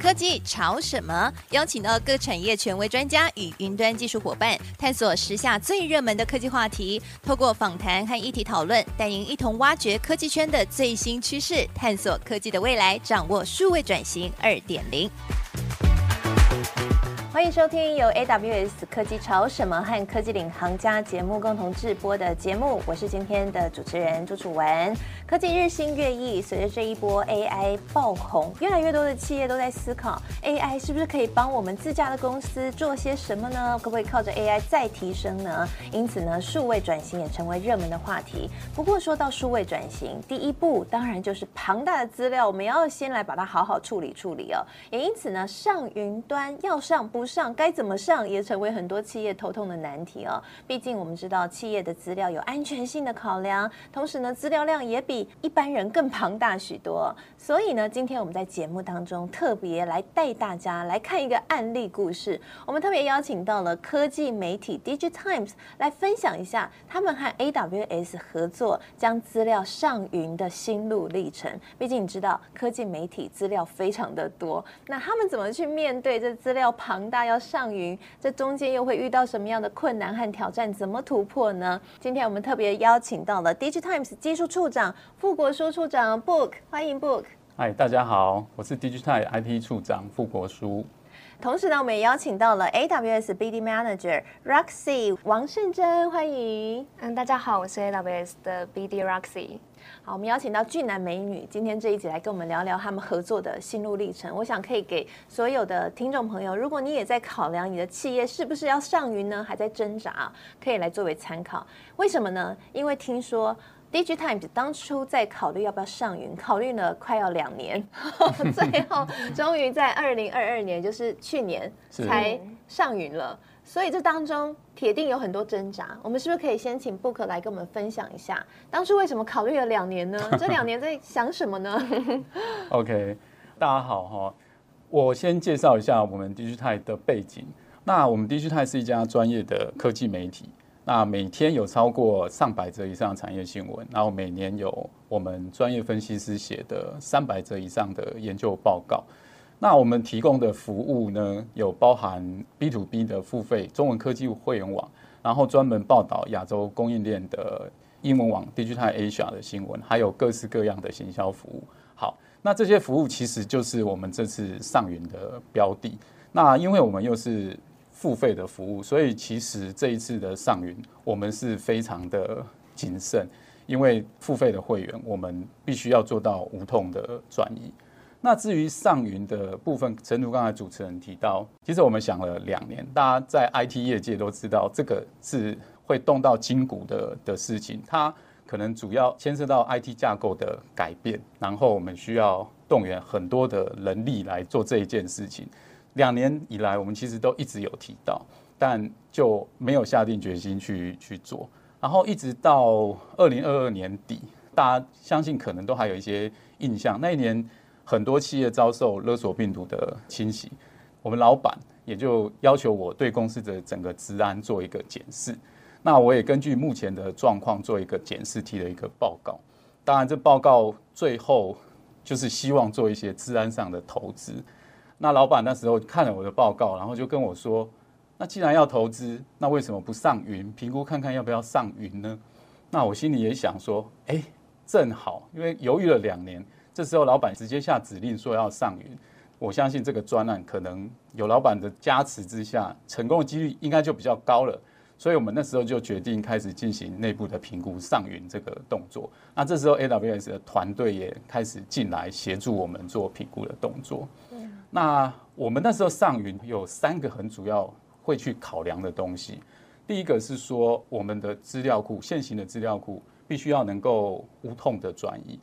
科技吵什麼？邀請到各產業權威專家與雲端技術夥伴，探索時下最熱門的科技話題。透過訪談和議題討論，帶您一同挖掘科技圈的最新趨勢，探索科技的未來，掌握數位轉型二點零。歡迎收聽由 AWS 科技潮什麼和科技領航家節目共同製播的節目，我是今天的主持人朱楚文。科技日新月異，隨着這一波 AI 爆紅，越來越多的企業都在思考 AI 是不是可以幫我們自家的公司做些什麼呢？可不可以靠着 AI 再提升呢？因此呢，數位轉型也成為熱門的話題。不過說到數位轉型，第一步當然就是龐大的資料，我們要先來把它好好處理處理哦。也因此呢，上雲端要上不，不上該怎麼上，也成為很多企業頭痛的難題哦。畢竟我們知道企業的資料有安全性的考量，同時呢，資料量也比一般人更龐大許多。所以呢，今天我們在節目當中特別來帶大家來看一個案例故事。我們特別邀請到了科技媒體 DIGITIMES 來分享一下他們和 AWS 合作將資料上雲的心路歷程。畢竟你知道科技媒體資料非常的多，那他們怎麼去面對這資料龐？大家要上雲，這中間又會遇到什麼樣的困難和挑戰？怎麼突破呢？今天我們特別邀請到了 DIGITIMES 技術處長傅國書處長 Book，歡迎 Book。嗨，大家好，我是 DIGITIMES IT 處長傅國書。同時呢，我們也邀請到了 AWS BD Manager Roxy 王順珍，歡迎。嗯，大家好，我是 AWS 的 BD Roxy。好，我們邀請到俊男美女，今天這一集來跟我們聊聊他們合作的心路歷程。我想可以給所有的聽眾朋友，如果你也在考量你的企業是不是要上雲呢，還在掙扎，可以來作為參考。為什麼呢？因為聽說。DIGITIMES 當初在考慮要不要上雲，考慮了快要兩年，呵呵，最後終於在二零二二年，就是去年才上雲了。是所以這當中鐵定有很多掙扎。我們是不是可以先請 Book 來跟我們分享一下，當初為什麼考慮了兩年呢？這兩年在想什麼呢 ？OK，大家好哈、哦，我先介紹一下我們 DIGITIMES 的背景。那我們 DIGITIMES 是一家專業的科技媒體。那每天有超過上百則以上的產業新聞，然後每年有我們專業分析師寫的三百則以上的研究報告。那我們提供的服務呢，有包含 B to B 的付費中文科技會員網，然後專門報道亞洲供應鏈的英文網 DIGITIMES Asia 的新聞，還有各式各樣的行銷服務。好，那這些服務其實就是我們這次上雲的標的。那因為我們又是。付費的服務，所以其實這一次的上雲，我們是非常的謹慎，因為付費的會員，我們必須要做到無痛的轉移。那至於上雲的部分，誠如剛才主持人提到，其實我們想了兩年。大家在 IT 業界都知道，這個是會動到筋骨的的事情，它可能主要牽涉到 IT 架構的改變，然後我們需要動員很多的人力來做這一件事情。兩年以來，我們其實都一直有提到，但就沒有下定決心去去做。然後一直到二零二二年底，大家相信可能都還有一些印象。那一年，很多企業遭受勒索病毒的侵襲，我們老闆也就要求我對公司的整個資安做一個檢視。那我也根據目前的狀況做一個檢視，提了一個報告。當然，這報告最後就是希望做一些資安上的投資。那老闆那時候看了我的報告，然後就跟我說：“那既然要投資，那為什麼不上雲？評估看看要不要上雲呢？”那我心裡也想說：“哎，正好，因為猶豫了兩年，這時候老闆直接下指令說要上雲。我相信這個專案可能有老闆的加持之下，成功的幾率應該就比較高了。所以我們那時候就決定開始進行內部的評估上雲這個動作。那這時候 AWS 的團隊也開始進來協助我們做評估的動作。”那我們那時候上雲有三個很主要會去考量的東西，第一個是說我們的資料庫，現行的資料庫必須要能夠無痛的轉移，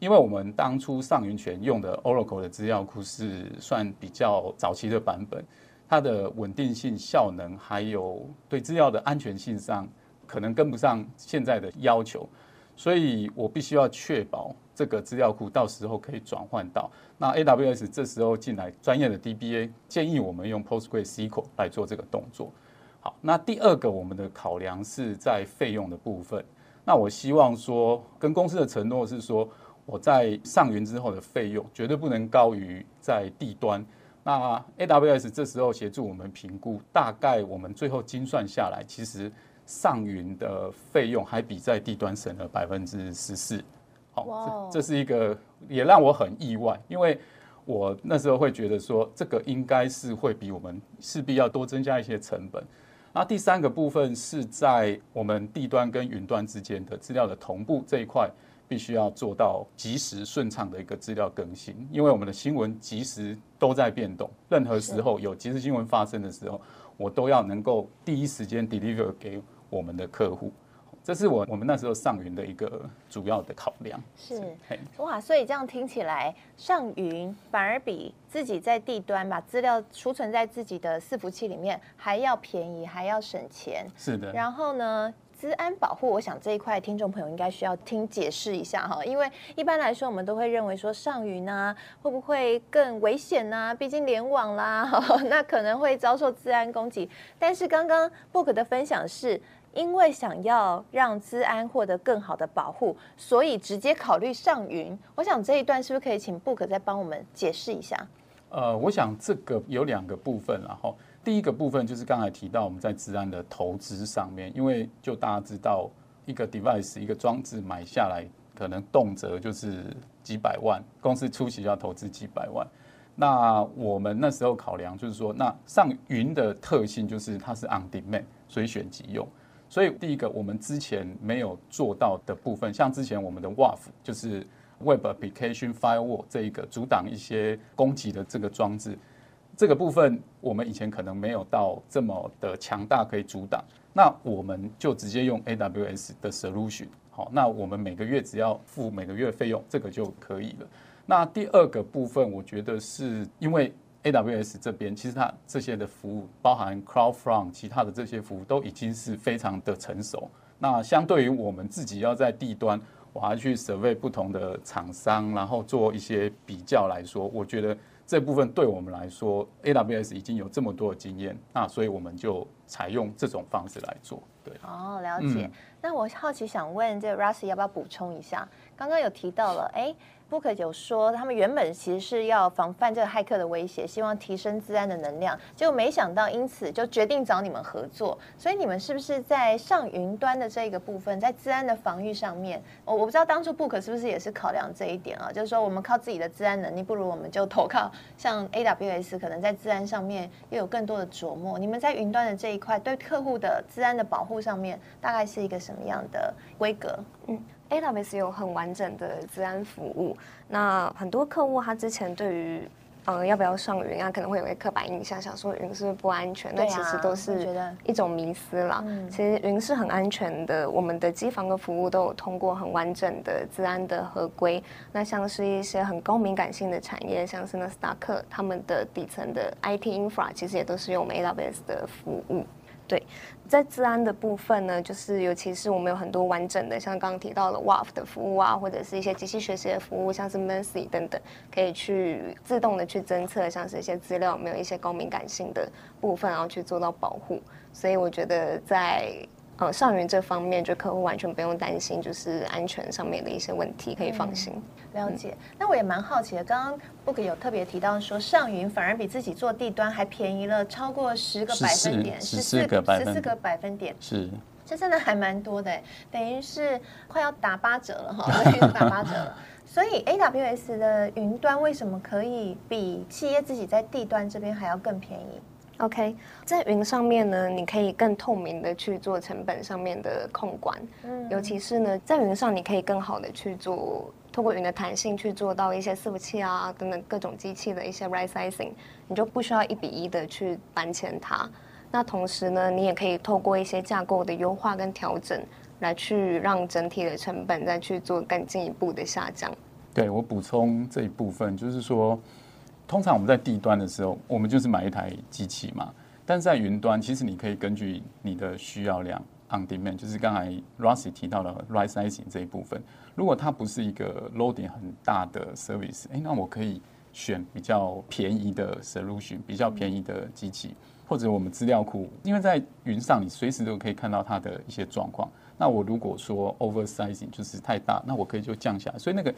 因為我們當初上雲前用的 Oracle 的資料庫是算比較早期的版本，它的穩定性、效能還有對資料的安全性上，可能跟不上現在的要求。所以我必須要確保這個資料庫到時候可以轉換到那 AWS 這時候進來專業的 DBA 建議我們用 PostgreSQL 來做這個動作。好，那第二個我們的考量是在費用的部分。那我希望說跟公司的承諾是說，我在上雲之後的費用絕對不能高於在地端。那 AWS 這時候協助我們評估，大概我們最後精算下來，其實。上雲的費用還比在地端省了百分之十四，好、哦，Wow 這是一個也讓我很意外，因為我那時候會覺得說這個應該是會比我們勢必要多增加一些成本。那第三個部分是在我們地端跟雲端之間的資料的同步這一塊。必須要做到即時順暢的一個資料更新，因為我們的新聞即時都在變動，任何時候有即時新聞發生的時候，我都要能夠第一時間 deliver 給我們的客戶，這是我我們那時候上雲的一個主要的考量。是，哇，所以這樣聽起來，上雲反而比自己在地端把資料儲存在自己的伺服器裡面還要便宜，還要省錢。是的。然後呢？資安保護，我想這一塊聽眾朋友應該需要聽解釋一下哈，因為一般來說我們都會認為說，上雲啊會不會更危險啊？畢竟聯網啦，那可能會遭受資安攻擊。但是剛剛 book 的分享是因為想要讓資安獲得更好的保護，所以直接考慮上雲。我想這一段是不是可以請 book 再幫我們解釋一下？呃，我想這個有兩個部分，啊好。第一個部分就是剛才提到我們在資安的投資上面，因為就大家知道一個 device 一個裝置買下來可能動輒就是幾百萬，公司初期就要投資幾百萬。那我們那時候考量就是說，那上雲的特性就是它是 on demand 隨選即用，所以第一個我們之前沒有做到的部分，像之前我們的 WAF 就是 Web Application Firewall 這個阻擋一些攻擊的這個裝置。這個部分我們以前可能沒有到這麼的強大可以阻擋，那我們就直接用 AWS 的 solution，好，那我們每個月只要付每個月費用，這個就可以了。那第二個部分，我覺得是因為 AWS 這邊其實它這些的服務，包含 CloudFront 其他的這些服務都已經是非常的成熟。那相對於我們自己要在地端，我還去 survey 不同的廠商，然後做一些比較來說，我覺得。這部分對我們來說，AWS 已經有這麼多的經驗、啊，那所以我們就採用這種方式來做。對、嗯，哦，了解。那我好奇想問，這 Roxy 要不要補充一下？剛剛有提到了，哎，Book 有說他們原本其實是要防範這個駭客的威脅，希望提升資安的能量，結果沒想到因此就決定找你們合作。所以你們是不是在上雲端的這個部分，在資安的防禦上面，我我不知道當初 Book 是不是也是考量這一點啊？就是說我們靠自己的資安能力，不如我們就投靠像 AWS，可能在資安上面又有更多的琢磨。你們在雲端的這一塊對客戶的資安的保護上面，大概是一個什麼樣的規格？嗯。AWS 有很完整的資安服務，那很多客戶他之前對於，呃，要不要上雲啊，可能會有些刻板印象，想說雲是不，是不安全，啊、那其實都是一種迷思啦。嗯、其實雲是很安全的，嗯、我們的機房的服務都有通過很完整的資安的合規。那像是一些很高敏感性的產業，像是納斯達克，他們的底層的 IT infra 其實也都是用我們 AWS 的服務。對，在資安的部分呢，就是尤其是我們有很多完整的，像剛剛提到了 WAF 的服務啊，或者是一些機器學習的服務，像是 Macie 等等，可以去自動的去偵測，像是一些資料有沒有一些高敏感性的部分，然後去做到保護。所以我覺得在。嗯，上雲這方面，就客戶完全不用擔心，就是安全上面的一些問題，可以放心。嗯、了解。嗯、那我也蠻好奇的，剛剛 Book 有特別提到說，上雲反而比自己做地端還便宜了超過十個百分點，十四個,十四個百分點，是。這真的還蠻多的誒，等於是快要打八折了哈，等於是打八折了。所以 AWS 的雲端為什麼可以比企業自己在地端這邊還要更便宜？OK，在雲上面呢，你可以更透明的去做成本上面的控管。嗯，尤其是呢，在雲上你可以更好的去做，透過雲的彈性去做到一些伺服器啊等等各種機器的一些 right sizing，你就不需要一比一的去搬遷它。那同時呢，你也可以透過一些架構的優化跟調整，來去讓整體的成本再去做更進一步的下降。對，我補充這一部分，就是說。通常我們在地端的時候，我們就是買一台機器嘛。但是在雲端，其實你可以根據你的需要量，on demand，就是剛才 Roxy 提到了 right sizing 這一部分。如果它不是一個 loading 很大的 service，哎，那我可以選比較便宜的 solution，比較便宜的機器，或者我們資料庫，因為在雲上你隨時都可以看到它的一些狀況。那我如果說 oversizing 就是太大，那我可以就降下來，所以那個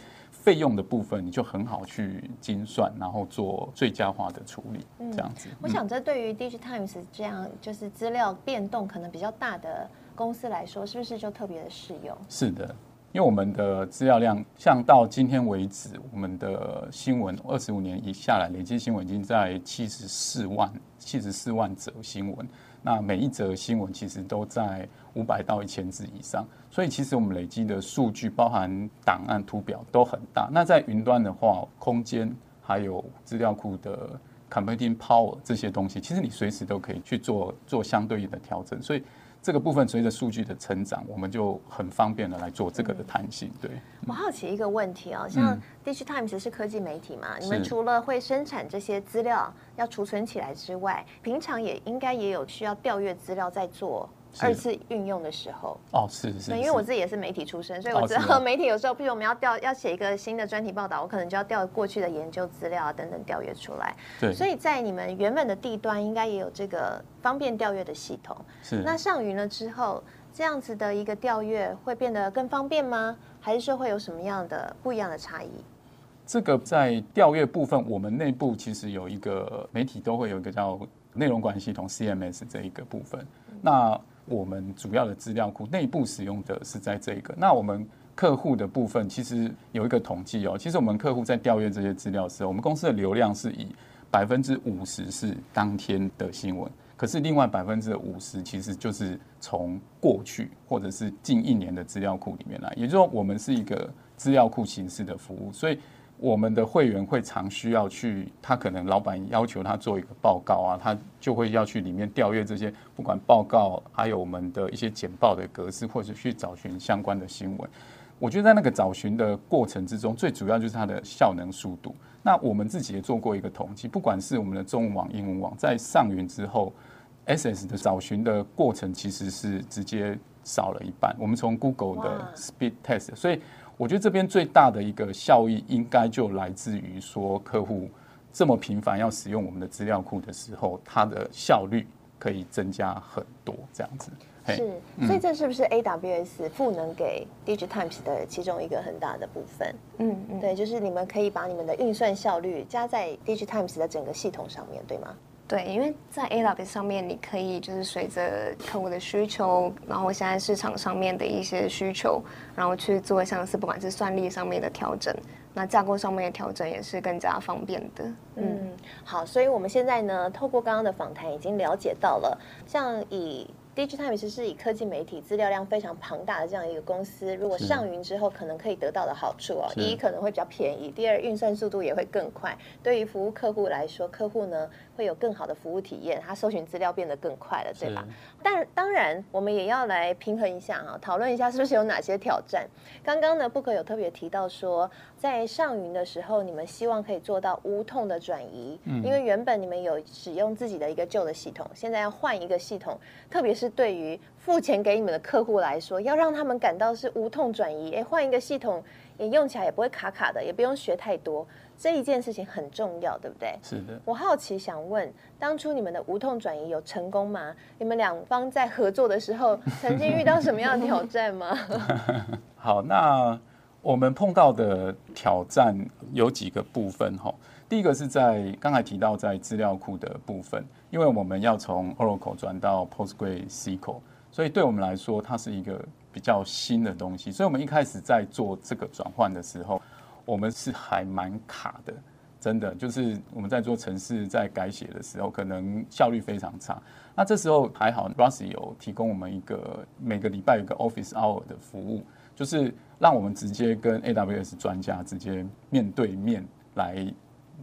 費用的部分你就很好去精算，然後做最佳化的處理，嗯、這樣子。我想這對於 DIGITIMES 這樣就是資料變動可能比較大的公司來說，是不是就特別的適用？是的，因為我們的資料量，像到今天為止，我們的新聞二十五年以下來累計新聞已經在七十四萬七十四萬則新聞。那每一則新聞其實都在五百到一千字以上，所以其實我們累積的數據包含檔案、圖表都很大。那在雲端的話，空間還有資料庫的 computing power 這些東西，其實你隨時都可以去做做相對應的調整，所以。這個部分隨着數據的成長，我們就很方便的來做這個的彈性、嗯。對、嗯、我好奇一個問題哦，像 DIGITIMES 是科技媒體嘛？嗯、你們除了會生產這些資料要儲存起來之外，是平常也應該也有需要調閱資料在做。二次運用的時候哦，是是，是。因為我自己也是媒體出身，所以我知道媒體有時候，譬如我們要調要寫一個新的專題報道，我可能就要調過去的研究資料啊等等調閱出來。對，所以在你們原本的地端應該也有這個方便調閱的系統。是，那上雲了之後，這樣子的一個調閱會變得更方便嗎？還是說會有什麼樣的不一樣的差異？這個在調閱部分，我們內部其實有一個媒體都會有一個叫內容管系統 CMS 這一個部分。那我們主要的資料庫內部使用的是在這個，那我們客戶的部分其實有一個統計哦，其實我們客戶在調閱這些資料的時候，我們公司的流量是以百分之五十是當天的新聞，可是另外百分之五十其實就是從過去或者是近一年的資料庫裡面來，也就是說我們是一個資料庫形式的服務，所以。我們的會員會常需要去，他可能老板要求他做一個報告啊，他就會要去裡面調閱這些，不管報告還有我們的一些簡報的格式，或者是去找尋相關的新聞。我覺得在那個找尋的過程之中，最主要就是它的效能速度。那我們自己也做過一個統計，不管是我們的中文網、英文網，在上雲之後，SS 的找尋的過程其實是直接少了一半。我們從 Google 的 Speed Test，所以。我覺得這邊最大的一個效益，應該就來自於說，客戶這麼頻繁要使用我們的資料庫的時候，它的效率可以增加很多，這樣子。嗯、是，所以這是不是 AWS 賦能給 DIGITIMES 的其中一個很大的部分？嗯嗯，嗯對，就是你們可以把你們的運算效率加在 DIGITIMES 的整個系統上面對嗎？對，因為在 A-Lab 上面，你可以就是隨着客戶的需求，然後現在市場上面的一些需求，然後去做像是不管是算力上面的調整，那架構上面的調整也是更加方便的。嗯，好，所以我們現在呢，透過剛剛的訪談已經了解到了，像以。DIGITIMES 其實是以科技媒體資料量非常龐大的這樣一個公司，如果上雲之後，可能可以得到的好處哦。第一是可能會比較便宜，第二運算速度也會更快。對於服務客戶來說，客戶呢會有更好的服務體驗，他搜尋資料變得更快了，對吧？是但當然，我們也要來平衡一下啊、哦，討論一下是不是有哪些挑戰。剛剛呢，布克有特別提到說，在上雲的時候，你們希望可以做到無痛的轉移，嗯、因為原本你們有使用自己的一個舊的系統，現在要換一個系統，特別是。對於付錢給你們的客戶來說，要讓他們感到是無痛轉移，誒，換一個系統也用起來也不會卡卡的，也不用學太多，這一件事情很重要，對不對？是的。我好奇想問，當初你們的無痛轉移有成功嗎？你們兩方在合作的時候， 曾經遇到什麼樣的挑戰嗎？ 好，那。我們碰到的挑戰有幾個部分哈、哦，第一個是在剛才提到在資料庫的部分，因為我們要從 Oracle 轉到 PostgreSQL，所以對我們來說它是一個比較新的東西，所以我們一開始在做這個轉換的時候，我們是還蠻卡的，真的就是我們在做程式，在改寫的時候，可能效率非常差。那這時候還好，Roxy 有提供我們一個每個禮拜有一個 Office Hour 的服務，就是。讓我們直接跟 AWS 專家直接面對面來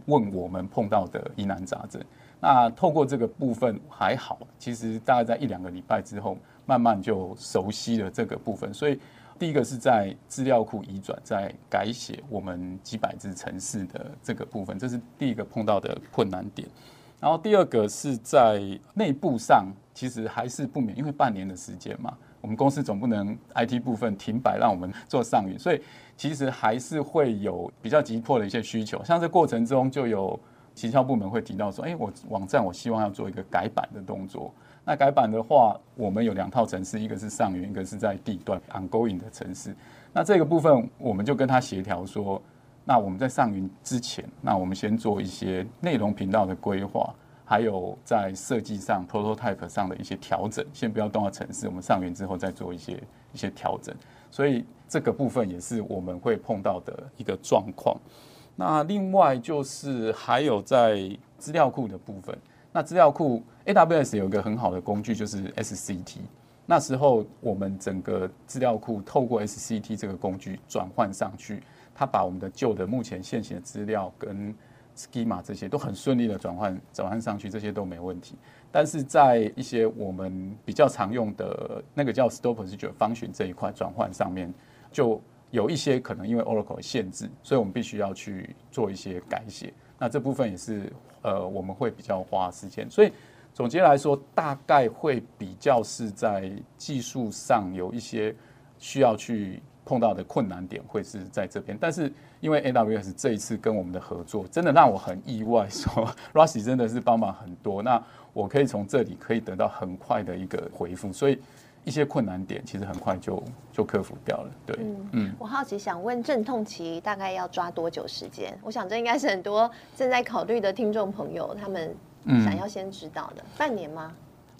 問我們碰到的疑難雜症。那透過這個部分還好，其實大概在一兩個禮拜之後，慢慢就熟悉了這個部分。所以第一個是在資料庫移轉，在改寫我們幾百支程式的這個部分，這是第一個碰到的困難點。然後第二個是在內部上，其實還是不免因為半年的時間嘛。我們公司總不能 IT 部分停擺，讓我們做上雲，所以其實還是會有比較急迫的一些需求。像這過程中，就有營銷部門會提到說：“哎，我網站我希望要做一個改版的動作。”那改版的話，我們有兩套程式，一個是上雲，一個是在地端 ongoing 的程式。那這個部分，我們就跟他協調說：“那我們在上雲之前，那我們先做一些內容頻道的規劃。”還有在設計上、prototype 上的一些調整，先不要動到程式，我們上雲之後再做一些一些調整。所以這個部分也是我們會碰到的一個狀況。那另外就是還有在資料庫的部分。那資料庫 AWS 有一個很好的工具就是 SCT。那時候我們整個資料庫透過 SCT 這個工具轉換上去，它把我們的舊的目前現行的資料跟。schema 這些都很順利的轉換轉換上去，這些都沒問題。但是在一些我們比較常用的那個叫 store procedure function 這一塊轉換上面，就有一些可能因為 Oracle 限制，所以我們必須要去做一些改寫。那這部分也是呃，我們會比較花時間。所以總結來說，大概會比較是在技術上有一些需要去。碰到的困難點會是在這邊，但是因為 AWS 這一次跟我們的合作，真的讓我很意外，說 Roxy 真的是幫忙很多。那我可以從這裡可以得到很快的一個回復，所以一些困難點其實很快就就克服掉了。對、嗯，嗯，我好奇想問，陣痛期大概要抓多久時間？我想這應該是很多正在考慮的聽眾朋友他們想要先知道的。半年嗎？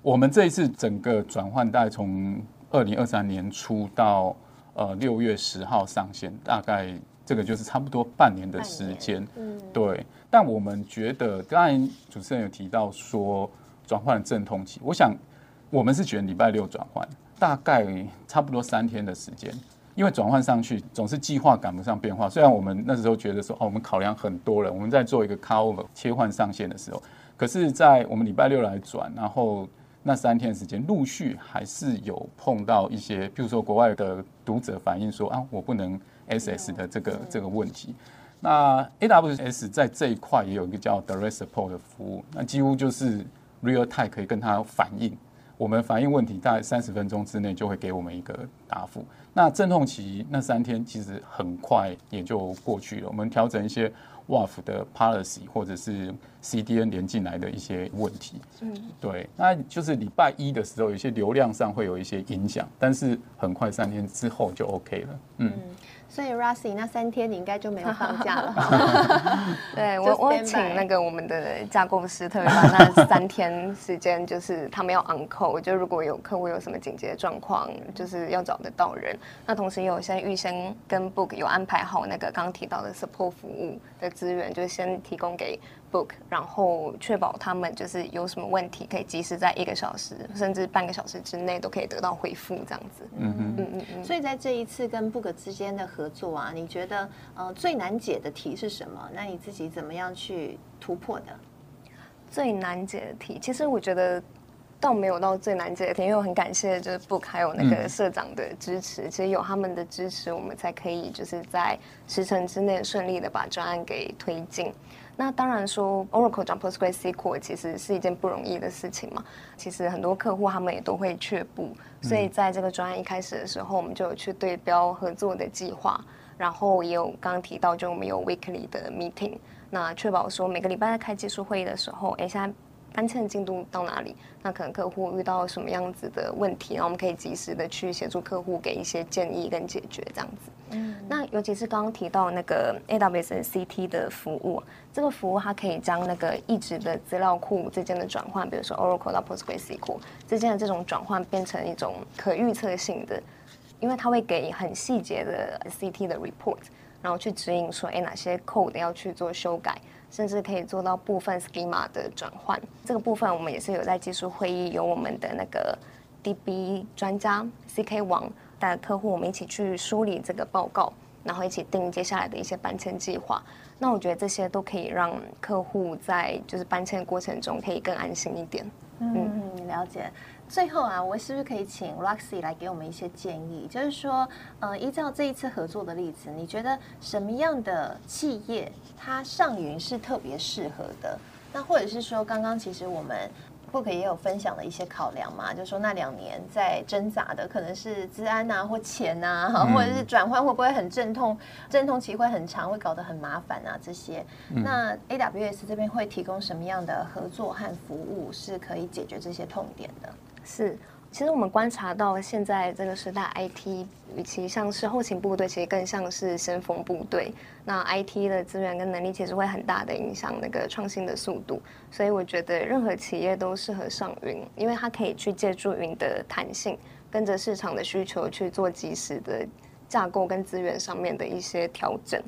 我們這一次整個轉換，大概從二零二三年初到。呃，六月十號上線，大概這個就是差不多半年的時間。嗯，對。但我們覺得，剛才主持人有提到說轉換陣痛期，我想我們是覺得禮拜六轉換，大概差不多三天的時間，因為轉換上去總是計劃趕不上變化。雖然我們那時候覺得說，哦，我們考量很多了，我們在做一個 cutover 切換上線的時候，可是在我們禮拜六來轉，然後。那三天時間，陸續還是有碰到一些，譬如說國外的讀者反映說啊，我不能 S S 的這個這個問題。那 A W S 在這一塊也有一個叫 Direct Support 的服務，那幾乎就是 Real Time 可以跟他反映，我們反映問題大概三十分鐘之內就會給我們一個答覆。那陣痛期那三天其實很快也就過去了，我們調整一些。WAF 的 policy 或者是 CDN 連進來的一些問題，嗯，對，那就是禮拜一的時候，有些流量上會有一些影響，但是很快三天之後就 OK 了，嗯。嗯。所以 Roxy 那三天你應該就沒有放假了。對，我我請那個我們的架構師特別把那三天時間就是他們要 on call，就如果有客戶有什麼緊急狀況，就是要找得到人。那同時也有先預先跟 Book 有安排好那個剛提到的 Support 服務的資源，就先提供給。book，然後確保他們就是有什麼問題，可以及時在一個小時甚至半個小時之內都可以得到回復，這樣子。嗯哼嗯嗯嗯。所以在這一次跟 book 之間的合作啊，你覺得呃最難解的題是什麼？那你自己怎麼樣去突破的？最難解的題，其實我覺得倒沒有到最難解的題，因為我很感謝就是 book 還有那個社長的支持，嗯、其實有他們的支持，我們才可以就是在時程之內順利的把專案給推進。那當然說，Oracle 轉 PostgreSQL 其實是一件不容易的事情嘛。其實很多客戶他們也都會卻步，所以在這個專案一開始的時候，我們就去對標合作的計劃，然後也有剛剛提到，就我們有 weekly 的 meeting，那確保說每個禮拜在開技術會議的時候，誒，現在。搬遷進度到哪裡？那可能客戶遇到什麼樣子的問題，那我們可以及時的去協助客戶給一些建議跟解決這樣子。嗯、那尤其是剛剛提到那個 AWS CT 的服務，這個服務它可以將那個異質的資料庫之間的轉換，比如說 Oracle 到 PostgreSQL 之間的這種轉換，變成一種可預測性的，因為它會給很細節的 CT 的 report，然後去指引說，哎，哪些 code 要去做修改。甚至可以做到部分 schema 的轉換，這個部分我們也是有在技術會議，有我們的那個 DB 專家 CK 王帶客戶，我們一起去梳理這個報告，然後一起定接下來的一些搬遷計劃。那我覺得這些都可以讓客戶在就是搬遷的過程中可以更安心一點。嗯嗯，嗯，你了解。最後啊，我是不是可以請 Roxy 來給我們一些建議？就是說，呃，依照這一次合作的例子，你覺得什麼樣的企業它上雲是特別適合的？那或者是說，剛剛其實我們 Booker 也有分享了一些考量嘛，就是說那兩年在掙扎的，可能是資安啊或錢啊，嗯、或者是轉換會不會很陣痛？陣痛期會很長，會搞得很麻煩啊，這些。那 AWS 這邊會提供什麼樣的合作和服務是可以解決這些痛點的？是，其實我們觀察到現在這個時代，IT 與其像是後勤部隊，其實更像是先鋒部隊。那 IT 的資源跟能力，其實會很大的影響那個創新的速度。所以我覺得任何企業都適合上雲，因為它可以去借助雲的彈性，跟着市場的需求去做即時的架構跟資源上面的一些調整，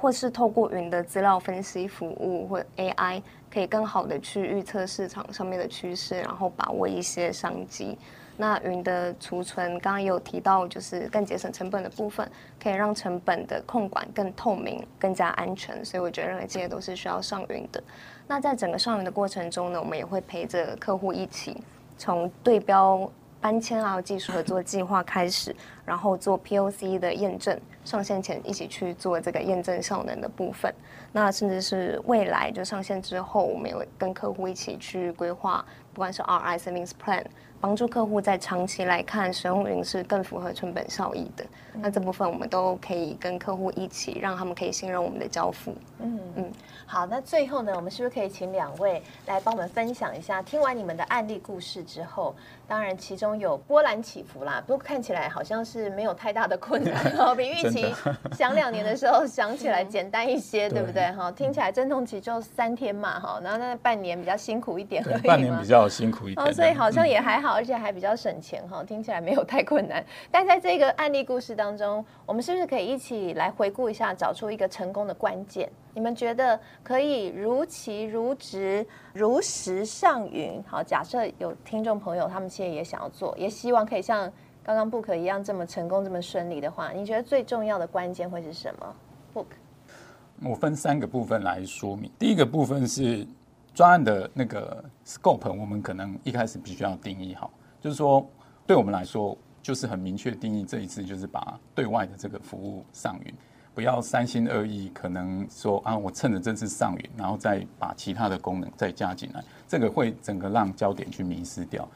或是透過雲的資料分析服務或 AI。可以更好的去預測市場上面的趨勢，然後把握一些商機。那雲的儲存，剛剛也有提到，就是更節省成本的部分，可以讓成本的控管更透明、更加安全。所以我覺得這些都是需要上雲的。那在整個上雲的過程中呢，我們也會陪着客戶一起從對標。三千啊，技術合作計劃開始，然後做 POC 的驗證，上線前一起去做這個驗證效能的部分，那甚至是未來就上線之後，我們有跟客戶一起去規劃。不管是 R I、Savings Plan，幫助客戶在長期來看使用雲是更符合成本效益的。嗯、那這部分我們都可以跟客戶一起，讓他們可以信任我們的交付。嗯嗯，嗯好，那最後呢，我們是不是可以請兩位來幫我們分享一下？聽完你們的案例故事之後，當然其中有波瀾起伏啦，不過看起來好像是沒有太大的困難哦，嗯、比預期的想兩年的時候想起來簡單一些，嗯、對,對不對？哈，聽起來陣痛期就三天嘛，哈，然後那半年比較辛苦一點對，而已半年比較。辛苦一點，oh, 所以好像也還好，而且還比較省錢哈，嗯、聽起來沒有太困難。但在這個案例故事當中，我們是不是可以一起來回顧一下，找出一個成功的關鍵？你們覺得可以如期如質如實上雲？好，假設有聽眾朋友他們現在也想要做，也希望可以像剛剛 Book 一樣這麼成功這麼順利的話，你覺得最重要的關鍵會是什麼？Book，我分三個部分來說明，第一個部分是。專案的那個 scope，我們可能一開始必須要定義好，就是說，對我們來說，就是很明確定義這一次就是把對外的這個服務上雲，不要三心二意，可能說啊，我趁着這次上雲，然後再把其他的功能再加進來，這個會整個讓焦點去迷失掉。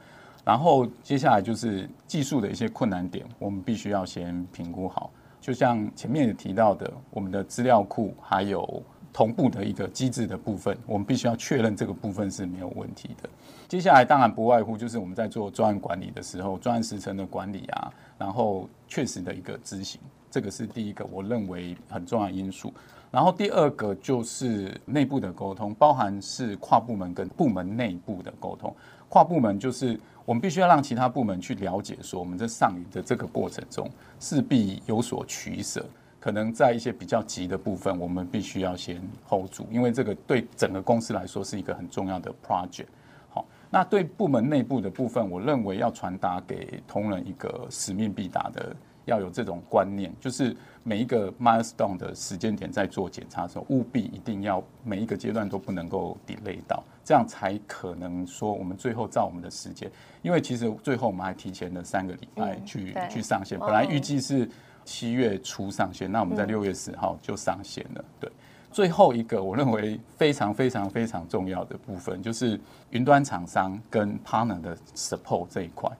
然後接下來就是技術的一些困難點，我們必須要先評估好，就像前面也提到的，我們的資料庫還有。同步的一個機制的部分，我們必須要確認這個部分是沒有問題的。接下來，當然不外乎就是我們在做專案管理的時候，專案時程的管理啊，然後確實的一個執行，這個是第一個我認為很重要的因素。然後第二個就是內部的溝通，包含是跨部門跟部門內部的溝通。跨部門就是我們必須要讓其他部門去了解，說我們在上雲的這個過程中勢必有所取捨。可能在一些比較急的部分，我們必須要先 hold 住，因為這個對整個公司來說是一個很重要的 project。好，那對部門內部的部分，我認為要傳達給同仁一個使命必達的，要有這種觀念，就是每一個 milestone 的時間點在做檢查的時候，務必一定要每一個階段都不能夠 delay 到，這樣才可能說我們最後照我們的時間，因為其實最後我們還提前了三個禮拜去、嗯對哦、去上線，本來預計是，七月初上線，那我們在六月十號就上線了。嗯嗯、對，最後一個我認為非常非常非常重要的部分，就是雲端廠商跟 partner 的 support 這一塊，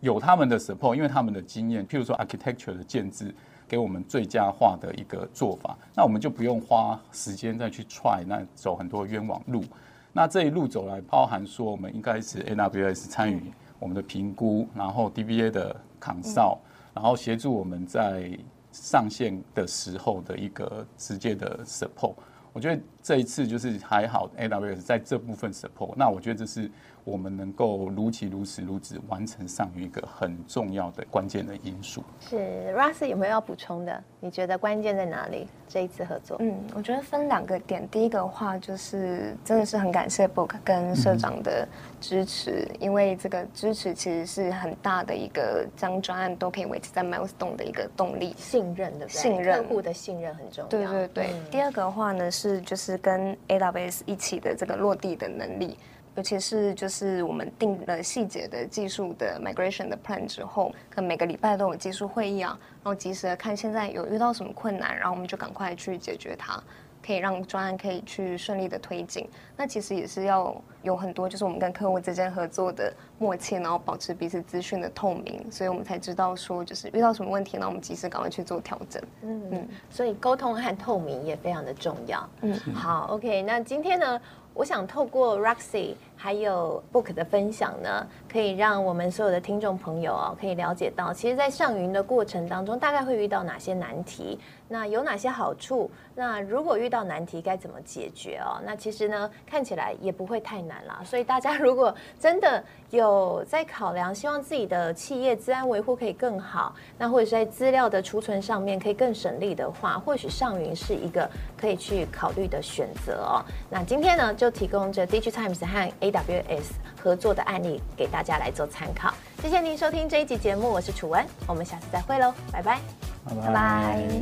有他們的 support，因為他們的經驗，譬如說 architecture 的建置，給我們最佳化的一個做法，那我們就不用花時間再去踹，那走很多冤枉路。那這一路走來，包含說我們應該是 AWS 參與我們的評估，然後 DBA 的 consulting 然後協助我們在上線的時候的一個直接的 support，我覺得這一次就是還好 AWS 在這部分 support，那我覺得這是，我們能夠如期、如此、如此完成上一個很重要的關鍵的因素。是 Roxy 有沒有要補充的？你覺得關鍵在哪裡？這一次合作？嗯，我覺得分兩個點。第一個話就是真的是很感謝 Book 跟社長的支持，嗯、因為這個支持其實是很大的一個，將專案都可以維持在 Milestone 的一個動力。信任的，信任客戶的信任很重要。對對對。嗯、第二個話呢是就是跟 AWS 一起的這個落地的能力。尤其是就是我們定了細節的技術的 migration 的 plan 之後，可能每個禮拜都有技術會議啊，然後及時的看現在有遇到什麼困難，然後我們就趕快去解決它，可以讓專案可以去順利的推進。那其實也是要有很多就是我們跟客戶之間合作的默契，然後保持彼此資訊的透明，所以我們才知道說就是遇到什麼問題，然後我們及時趕快去做調整。嗯嗯，所以溝通和透明也非常的重要。嗯，好，OK，那今天呢？我想透過 Roxy。還有 book 的分享呢，可以讓我們所有的聽眾朋友哦，可以了解到，其實，在上雲的過程當中，大概會遇到哪些難題，那有哪些好處，那如果遇到難題該怎麼解決哦？那其實呢，看起來也不會太難啦。所以大家如果真的有在考量，希望自己的企業資安維護可以更好，那或者是在資料的儲存上面可以更省力的話，或許上雲是一個可以去考慮的選擇哦。那今天呢，就提供這 DIGITIMES 和。AWS 合作的案例給大家來做參考，謝謝您收聽這一集節目，我是楚文，我們下次再會嘍，拜拜，拜拜 bye，bye bye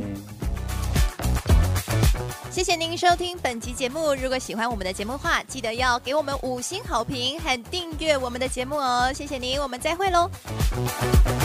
謝謝您收聽本期節目，如果喜歡我們的節目話，記得要給我們五星好評，和訂閱我們的節目哦，謝謝您，我們再會嘍。